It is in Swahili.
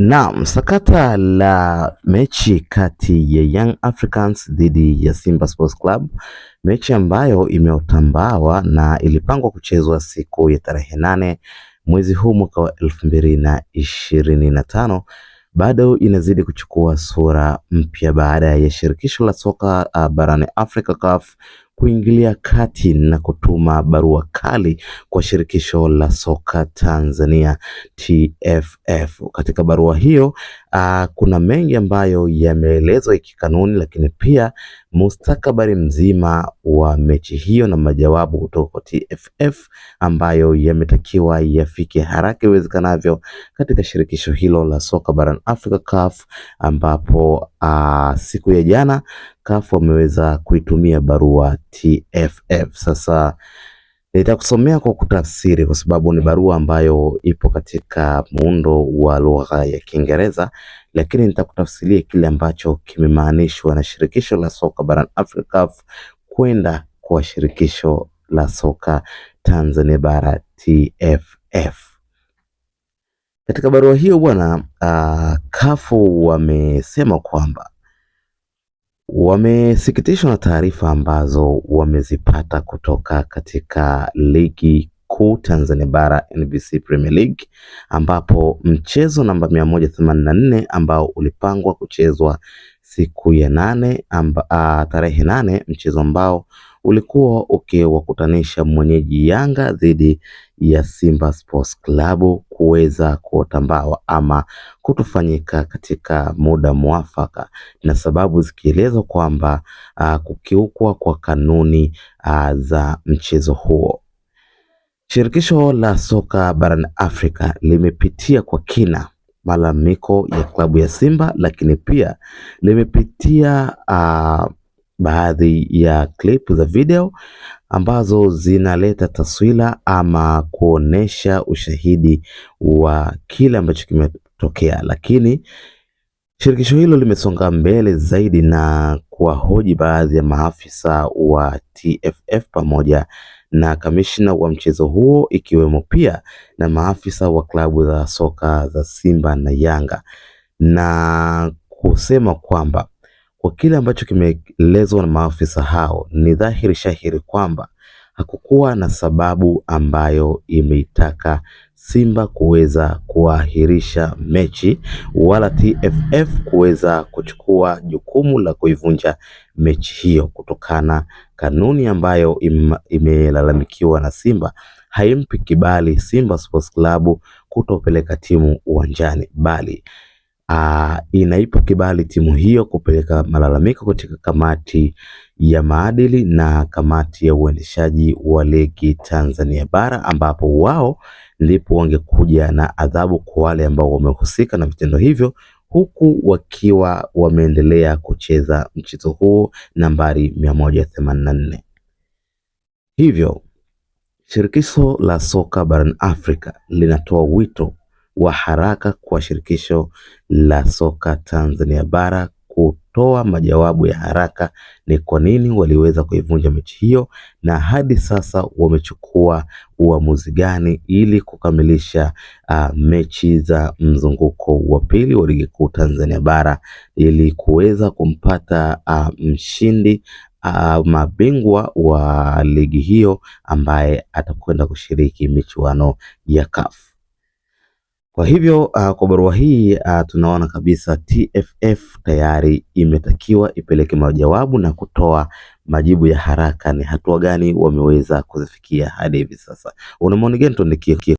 Naam, sakata la mechi kati ya Young Africans dhidi ya Simba Sports Club, mechi ambayo imeotambawa na ilipangwa kuchezwa siku ya tarehe nane mwezi huu mwaka wa elfu mbili na ishirini na tano bado inazidi kuchukua sura mpya baada ya shirikisho la soka uh, barani Afrika CAF kuingilia kati na kutuma barua kali kwa shirikisho la soka Tanzania TFF. Katika barua hiyo, uh, kuna mengi ambayo yameelezwa kikanuni, lakini pia mustakabali mzima wa mechi hiyo na majawabu kutoka kwa TFF ambayo yametakiwa yafike haraka iwezekanavyo katika shirikisho hilo la soka barani Afrika CAF, ambapo aa, ah, siku ya jana CAF wameweza kuitumia barua TFF sasa Nitakusomea kwa kutafsiri kwa sababu ni barua ambayo ipo katika muundo wa lugha ya Kiingereza, lakini nitakutafsiria kile ambacho kimemaanishwa na shirikisho la soka barani Afrika CAF kwenda kwa shirikisho la soka Tanzania bara TFF. Katika barua hiyo bwana, uh, kafu wamesema kwamba wamesikitishwa na taarifa ambazo wamezipata kutoka katika ligi kuu Tanzania bara NBC Premier League, ambapo mchezo namba 184 ambao ulipangwa kuchezwa siku ya nane amba, a, tarehe nane mchezo ambao ulikuwa ukiwakutanisha mwenyeji Yanga dhidi ya Simba Sports Club kuweza kuota ama kutofanyika katika muda mwafaka, na sababu zikielezwa kwamba kukiukwa kwa kanuni a, za mchezo huo. Shirikisho la soka barani Afrika limepitia kwa kina malalamiko ya klabu ya Simba, lakini pia limepitia uh, baadhi ya clip za video ambazo zinaleta taswira ama kuonesha ushahidi wa kile ambacho kimetokea, lakini shirikisho hilo limesonga mbele zaidi na kuwahoji baadhi ya maafisa wa TFF pamoja na kamishna wa mchezo huo ikiwemo pia na maafisa wa klabu za soka za Simba na Yanga na kusema kwamba kwa kile ambacho kimeelezwa na maafisa hao ni dhahiri shahiri kwamba hakukuwa na sababu ambayo imeitaka Simba kuweza kuahirisha mechi wala TFF kuweza kuchukua jukumu la kuivunja mechi hiyo kutokana kanuni ambayo imelalamikiwa na Simba haimpi kibali Simba Sports Club kutopeleka timu uwanjani bali uh, inaipa kibali timu hiyo kupeleka malalamiko katika kamati ya maadili na kamati ya uendeshaji wa ligi Tanzania bara ambapo wao ndipo wangekuja na adhabu kwa wale ambao wamehusika na vitendo hivyo huku wakiwa wameendelea kucheza mchezo huo nambari 184. Hivyo shirikisho la soka barani Afrika linatoa wito wa haraka kwa shirikisho la soka Tanzania bara kutoa majawabu ya haraka ni kwa nini waliweza kuivunja mechi hiyo na hadi sasa wamechukua uamuzi gani ili kukamilisha uh, mechi za mzunguko wa pili wa ligi kuu Tanzania bara ili kuweza kumpata uh, mshindi uh, mabingwa wa ligi hiyo ambaye atakwenda kushiriki michuano ya kafu. Kwa hivyo uh, kwa barua hii uh, tunaona kabisa TFF tayari imetakiwa ipeleke majawabu na kutoa majibu ya haraka. Ni hatua gani wameweza kuzifikia hadi hivi sasa? Una maoni gani? Tuandikie.